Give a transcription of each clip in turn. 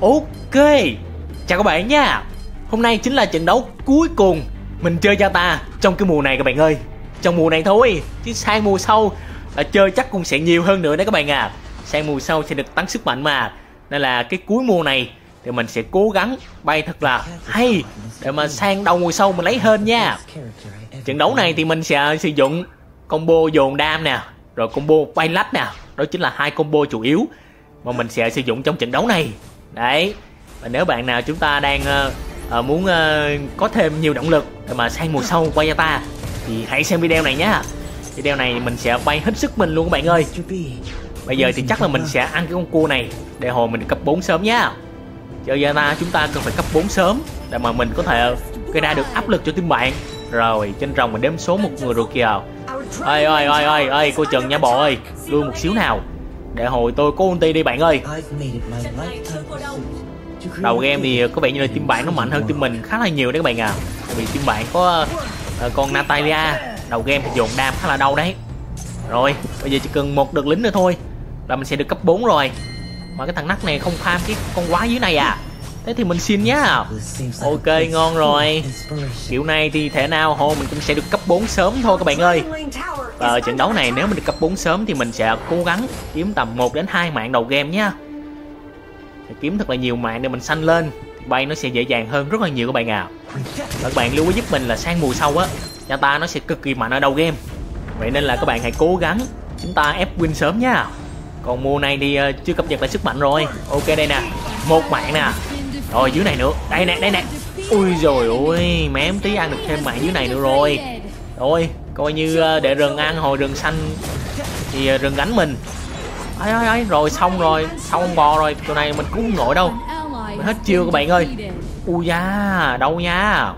Ok, chào các bạn nha Hôm nay chính là trận đấu cuối cùng Mình chơi cho ta trong cái mùa này các bạn ơi Trong mùa này thôi Chứ sang mùa sau là chơi chắc cũng sẽ nhiều hơn nữa đấy các bạn à Sang mùa sau sẽ được tăng sức mạnh mà Nên là cái cuối mùa này Thì mình sẽ cố gắng bay thật là hay Để mà sang đầu mùa sau mình lấy hơn nha Trận đấu này thì mình sẽ sử dụng Combo dồn đam nè Rồi combo bay lách nè Đó chính là hai combo chủ yếu Mà mình sẽ sử dụng trong trận đấu này đấy và nếu bạn nào chúng ta đang uh, muốn uh, có thêm nhiều động lực để mà sang mùa sau quay ta thì hãy xem video này nhé video này mình sẽ quay hết sức mình luôn các bạn ơi bây giờ thì chắc là mình sẽ ăn cái con cua này để hồi mình cấp 4 sớm nhá chơi gia ta chúng ta cần phải cấp 4 sớm để mà mình có thể gây ra được áp lực cho team bạn rồi trên rồng mình đếm số một người rồi kìa ơi ơi ơi ơi ơi cô trần nha bộ ơi lui một xíu nào để hồi tôi có ulti đi bạn ơi đầu game thì có vẻ như là team bạn nó mạnh hơn team mình khá là nhiều đấy các bạn à vì team bạn có uh, con Natalia đầu game thì dồn đam khá là đau đấy rồi bây giờ chỉ cần một đợt lính nữa thôi là mình sẽ được cấp 4 rồi mà cái thằng nắc này không farm cái con quái dưới này à thế thì mình xin nhá ok ngon rồi kiểu này thì thể nào hôm mình cũng sẽ được cấp 4 sớm thôi các bạn ơi và ờ, trận đấu này nếu mình được cấp 4 sớm thì mình sẽ cố gắng kiếm tầm 1 đến 2 mạng đầu game nhé kiếm thật là nhiều mạng để mình xanh lên bay nó sẽ dễ dàng hơn rất là nhiều các bạn ạ. À. các bạn lưu ý giúp mình là sang mùa sau á, nhà ta nó sẽ cực kỳ mạnh ở đầu game. Vậy nên là các bạn hãy cố gắng chúng ta ép win sớm nha. Còn mùa này thì ờ, chưa cập nhật lại sức mạnh rồi. Ok đây nè, một mạng nè. Rồi dưới này nữa, đây nè, đây nè. Ui rồi ôi, mém tí ăn được thêm mạng dưới này nữa rồi. Rồi, coi như ờ, để rừng ăn hồi rừng xanh thì ờ, rừng gánh mình ấy ấy ấy rồi xong rồi xong ông bò rồi chỗ này mình cũng không nổi đâu mình hết chiêu các bạn ơi ui da đâu nha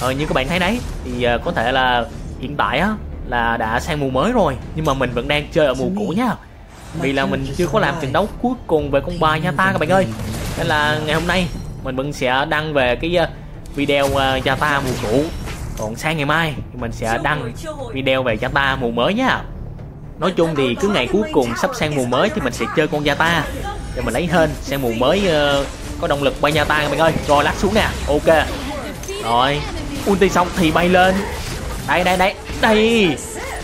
ờ như các bạn thấy đấy thì ờ, có thể là hiện tại á là đã sang mùa mới rồi nhưng mà mình vẫn đang chơi ở mùa cũ nhá vì là mình chưa có làm trận đấu cuối cùng về con bài Yata các bạn ơi nên là ngày hôm nay mình vẫn sẽ đăng về cái video Yata mùa cũ còn sáng ngày mai mình sẽ đăng video về Jata mùa mới nhá nói chung thì cứ ngày cuối cùng sắp sang mùa mới thì mình sẽ chơi con Jata rồi mình lấy hên sang mùa mới uh, có động lực bay Jata các bạn ơi rồi lát xuống nè ok rồi ulti xong thì bay lên đây đây đây đây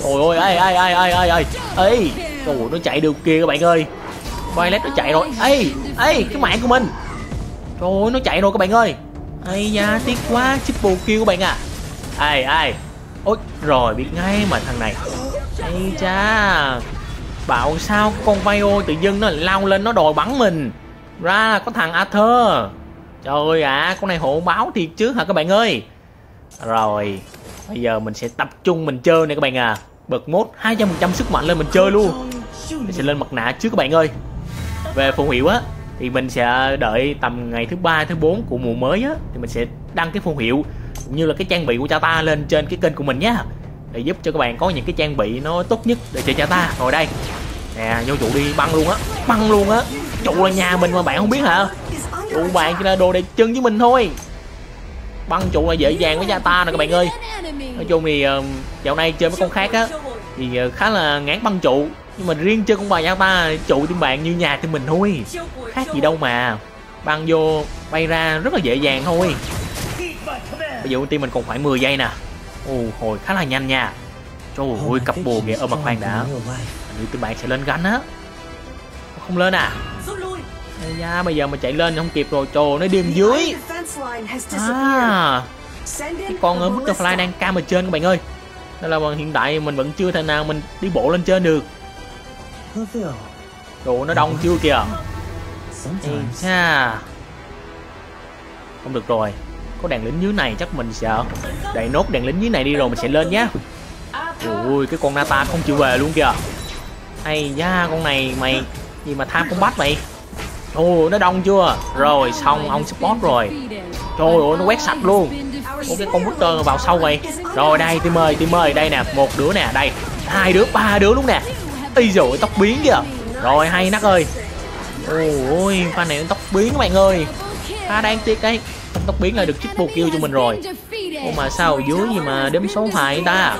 trời ơi ai ai ai ai ai ai ấy trời nó chạy được kia các bạn ơi Violet nó chạy rồi ấy ấy cái mạng của mình trời ơi nó chạy rồi các bạn ơi Ây da, tiếc quá, triple kill các bạn à ai ai ôi rồi biết ngay mà thằng này ấy cha bảo sao con vay ôi tự dưng nó lao lên nó đòi bắn mình ra có thằng arthur trời ạ à, con này hộ báo thiệt chứ hả các bạn ơi rồi bây giờ mình sẽ tập trung mình chơi nè các bạn à bật mốt 200% sức mạnh lên mình chơi luôn mình sẽ lên mặt nạ trước các bạn ơi về phù hiệu á thì mình sẽ đợi tầm ngày thứ ba thứ bốn của mùa mới á thì mình sẽ đăng cái phù hiệu như là cái trang bị của cha ta lên trên cái kênh của mình nhé để giúp cho các bạn có những cái trang bị nó tốt nhất để chơi cha ta rồi đây nè vô trụ đi băng luôn á băng luôn á trụ là nhà mình mà bạn không biết hả trụ bạn chỉ là đồ đẹp chân với mình thôi băng trụ là dễ dàng với cha ta nè các bạn ơi nói chung thì ờ, dạo này chơi với con khác á thì ờ, khá là ngán băng trụ nhưng mà riêng chơi con bà cha ta trụ tim bạn như nhà tim mình thôi khác gì đâu mà băng vô bay ra rất là dễ dàng thôi Bây giờ ulti mình còn khoảng 10 giây nè Ồ hồi khá là nhanh nha Trời ơi cặp bồ kìa Ơ mà khoan đã Hình như tụi bạn sẽ lên gánh á Không lên à Ây da, bây giờ mà chạy lên không kịp rồi Trời nó điềm dưới À Cái con ở ờ, Butterfly đang cam ở trên các bạn ơi đây là hiện tại mình vẫn chưa thể nào mình đi bộ lên trên được Đồ nó đông chưa kìa Ây da Không được rồi có đèn lính dưới này chắc mình sợ đầy nốt đèn lính dưới này đi rồi mình sẽ lên nhá ui cái con nata không chịu về luôn kìa hay da con này mày gì mà tham không bắt mày ôi nó đông chưa rồi xong ông spot rồi trời ơi nó quét sạch luôn ủa cái con bút booster vào sau vậy rồi đây tim ơi tim ơi đây nè một đứa nè đây hai đứa ba đứa luôn nè y rồi tóc biến kìa rồi hay nắc ơi ôi pha này tóc biến các bạn ơi pha đang tiếc đấy Tóc tóc biến là được triple kill cho mình rồi Ô mà sao ở dưới gì mà đếm số hoài ta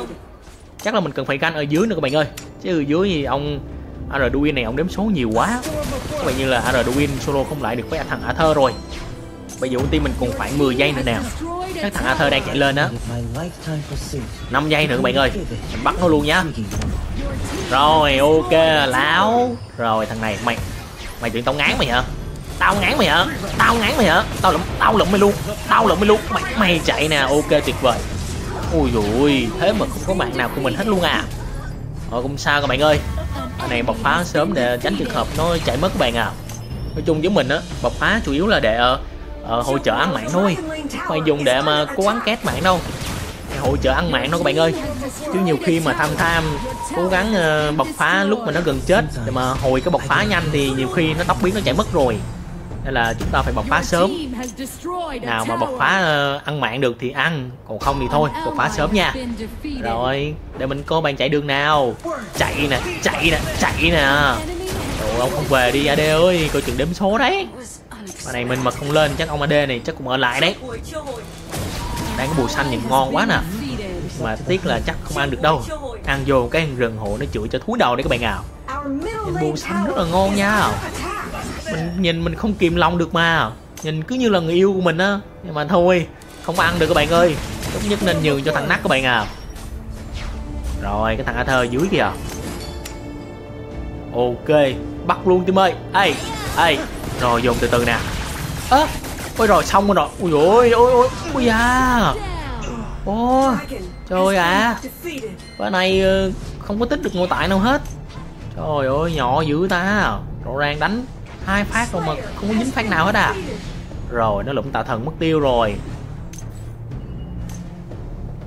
Chắc là mình cần phải canh ở dưới nữa các bạn ơi Chứ ở dưới thì ông Arduin này ông đếm số nhiều quá Các bạn như là Arduin solo không lại được với thằng Arthur rồi Bây giờ ulti mình còn khoảng 10 giây nữa nào Chắc thằng Arthur đang chạy lên á 5 giây nữa các bạn ơi Mình bắt nó luôn nhá Rồi ok láo Rồi thằng này mày Mày chuyện tông ngán mày hả tao ngán mày hả tao ngán mày hả tao lụm tao lụm mày luôn tao lụm mày luôn mày mày chạy nè ok tuyệt vời ui dùi thế mà không có bạn nào của mình hết luôn à rồi ờ, cũng sao các bạn ơi anh này bộc phá sớm để tránh trường hợp nó chạy mất các bạn à nói chung với mình á bộc phá chủ yếu là để uh, uh, hỗ trợ ăn mạng thôi mày dùng để mà cố gắng két mạng đâu mày hỗ trợ ăn mạng đâu các bạn ơi chứ nhiều khi mà tham tham cố gắng uh, bộc phá lúc mà nó gần chết để mà hồi cái bộc phá nhanh thì nhiều khi nó tóc biến nó chạy mất rồi nên là chúng ta phải bộc phá sớm nào mà bộc phá uh, ăn mạng được thì ăn còn không thì thôi bộc phá sớm nha rồi để mình coi bạn chạy đường nào chạy nè chạy nè chạy nè Trời ông không về đi AD ơi coi chừng đếm số đấy mà này mình mà không lên chắc ông AD này chắc cũng ở lại đấy đang có bùa xanh nhìn ngon quá nè mà tiếc là chắc không ăn được đâu ăn vô cái rừng hộ nó chửi cho thúi đầu đấy các bạn à bùa xanh rất là ngon nha mình nhìn mình không kìm lòng được mà nhìn cứ như là người yêu của mình á nhưng mà thôi không ăn được các bạn ơi tốt nhất nên nhường cho thằng nắc các bạn à rồi cái thằng a thơ dưới kìa ok bắt luôn tim ơi ê ê rồi dùng từ từ nè ơ à, ôi rồi xong rồi ui ôi ôi ôi ui da ô trời ạ à. bữa nay ờ, không có tích được ngô tại nào hết trời ơi nhỏ dữ ta rõ ràng đánh hai phát rồi mà không có dính phát nào hết à rồi nó lụm tà thần mất tiêu rồi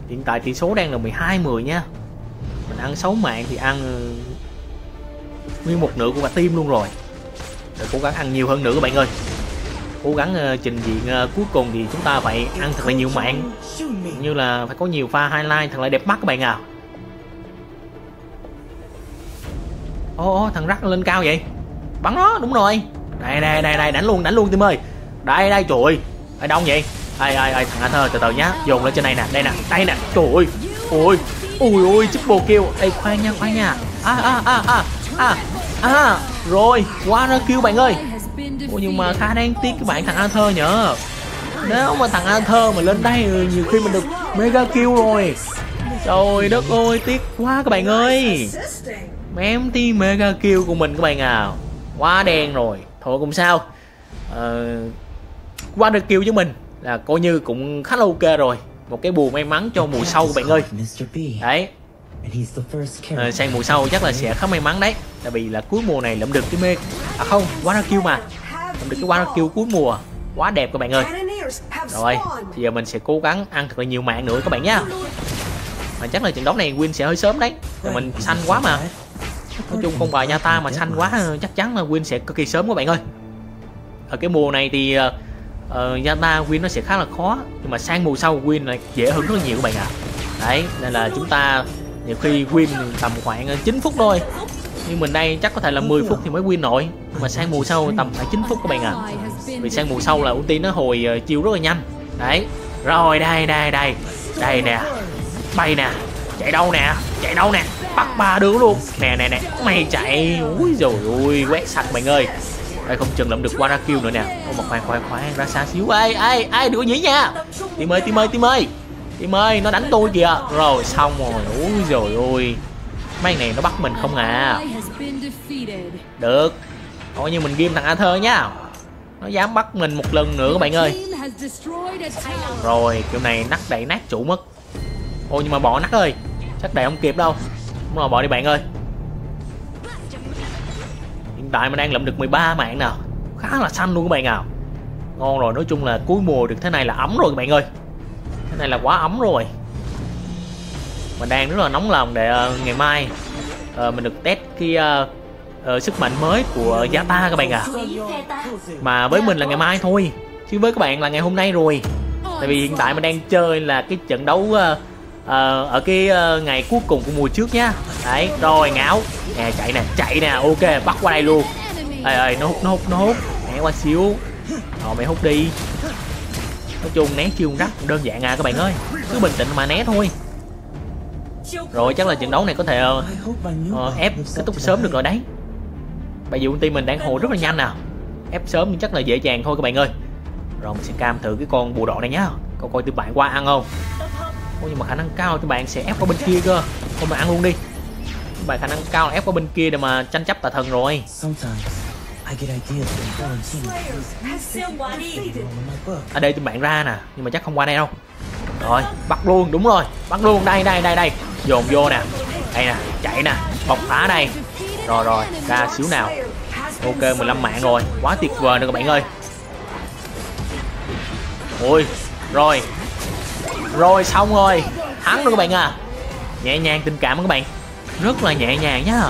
hiện tại tỷ số đang là 12 10 nha mình ăn 6 mạng thì ăn nguyên một nửa của cả tim luôn rồi để cố gắng ăn nhiều hơn nữa các bạn ơi cố gắng uh, trình diện uh, cuối cùng thì chúng ta phải ăn thật là nhiều mạng như là phải có nhiều pha highlight thật là đẹp mắt các bạn à ô ô thằng rắc lên cao vậy bắn nó đúng rồi này này này này đánh luôn đánh luôn tim ơi đây đây trời ơi đông vậy ai ai ai thằng anh ơi từ từ nhá dồn lên trên này nè đây nè đây nè trời ơi ui ui ui triple kêu đây khoan nha khoan nha à à à à à à rồi qua ra kêu bạn ơi ôi nhưng mà khá đáng tiếc các bạn thằng thơ nhở nếu mà thằng thơ mà lên đây nhiều khi mình được mega kêu rồi trời đất ơi tiếc quá các bạn ơi mém tí mega kêu của mình các bạn à quá đen rồi thôi cũng sao à, qua được kill với mình là coi như cũng khá là ok rồi một cái bù may mắn cho mùa sau các bạn ơi đấy à, sang mùa sau chắc là sẽ khá may mắn đấy tại vì là cuối mùa này lượm được cái mê à không quá kêu mà lượm được cái quá kêu cuối mùa quá đẹp các bạn ơi rồi thì giờ mình sẽ cố gắng ăn thật là nhiều mạng nữa các bạn nhá mà chắc là trận đấu này win sẽ hơi sớm đấy mình xanh quá mà nói chung không bài nhà ta mà xanh quá chắc chắn là win sẽ cực kỳ sớm các bạn ơi ở cái mùa này thì uh, ờ, ờ, Yata win nó sẽ khá là khó nhưng mà sang mùa sau win là dễ hơn rất nhiều các bạn ạ à. đấy nên là chúng ta nhiều khi win tầm khoảng 9 ờ, phút thôi nhưng mình đây chắc có thể là 10 phút thì mới win nổi mà sang mùa sau tầm phải 9 phút các bạn ạ à. vì sang mùa sau là ulti nó hồi uh, chiêu rất là nhanh đấy rồi đây đây đây đây nè bay nè chạy đâu nè chạy đâu nè bắt ba đứa luôn nè nè nè mày chạy ui rồi ui quét sạch mày ơi đây không chừng lượm được qua ra kêu nữa nè ô mà khoan khoan khoan ra xa xíu ai ai ai đừng nhỉ nha tim ơi tim ơi tim ơi tim ơi nó đánh tôi kìa rồi xong rồi ui rồi ui mấy này nó bắt mình không à được coi như mình ghim thằng a thơ nhá nó dám bắt mình một lần nữa các bạn ơi rồi kiểu này nắc đẩy nát chủ mất ôi nhưng mà bỏ nắc ơi chắc đẩy không kịp đâu không rồi bỏ đi bạn ơi hiện tại mình đang lượm được 13 mạng nào khá là xanh luôn các bạn nào ngon rồi nói chung là cuối mùa được thế này là ấm rồi các bạn ơi thế này là quá ấm rồi mình đang rất là nóng lòng để uh, ngày mai uh, mình được test cái uh, uh, sức mạnh mới của gia ta các bạn ạ à. mà với mình là ngày mai thôi chứ với các bạn là ngày hôm nay rồi tại vì hiện tại mình đang chơi là cái trận đấu uh, ờ, ở cái uh, ngày cuối cùng của mùa trước nhá, đấy rồi ngáo nè chạy nè chạy nè ok bắt qua đây luôn ê ê nó hút nó hút nó hút né qua xíu rồi mày hút đi nói chung né chiêu rắc đơn giản à các bạn ơi cứ bình tĩnh mà né thôi rồi chắc là trận đấu này có thể uh, ép kết thúc sớm được rồi đấy bài vì công mình đang hồ rất là nhanh nào Ép sớm nhưng chắc là dễ dàng thôi các bạn ơi Rồi mình sẽ cam thử cái con bùa đỏ này nhá Coi coi tư bạn qua ăn không Ô, nhưng mà khả năng cao các bạn sẽ ép qua bên kia cơ thôi mà ăn luôn đi bài khả năng cao là ép qua bên kia để mà tranh chấp tà thần rồi ở đây tụi bạn ra nè nhưng mà chắc không qua đây đâu rồi bắt luôn đúng rồi bắt luôn đây đây đây đây dồn vô nè đây nè chạy nè bọc phá đây rồi rồi ra xíu nào ok 15 mạng rồi quá tuyệt vời nè các bạn ơi ôi rồi rồi xong rồi Thắng rồi các bạn à Nhẹ nhàng tình cảm các bạn Rất là nhẹ nhàng nhá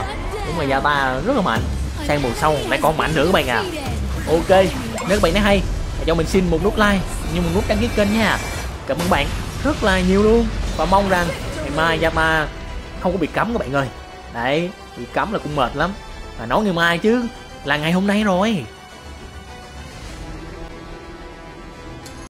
Đúng là gia ba rất là mạnh Sang mùa sau lại còn mạnh nữa các bạn à Ok Nếu các bạn thấy hay Hãy cho mình xin một nút like nhưng một nút đăng ký kênh nha Cảm ơn các bạn rất là nhiều luôn Và mong rằng ngày mai gia ba không có bị cấm các bạn ơi Đấy Bị cấm là cũng mệt lắm Mà nói ngày mai chứ Là ngày hôm nay rồi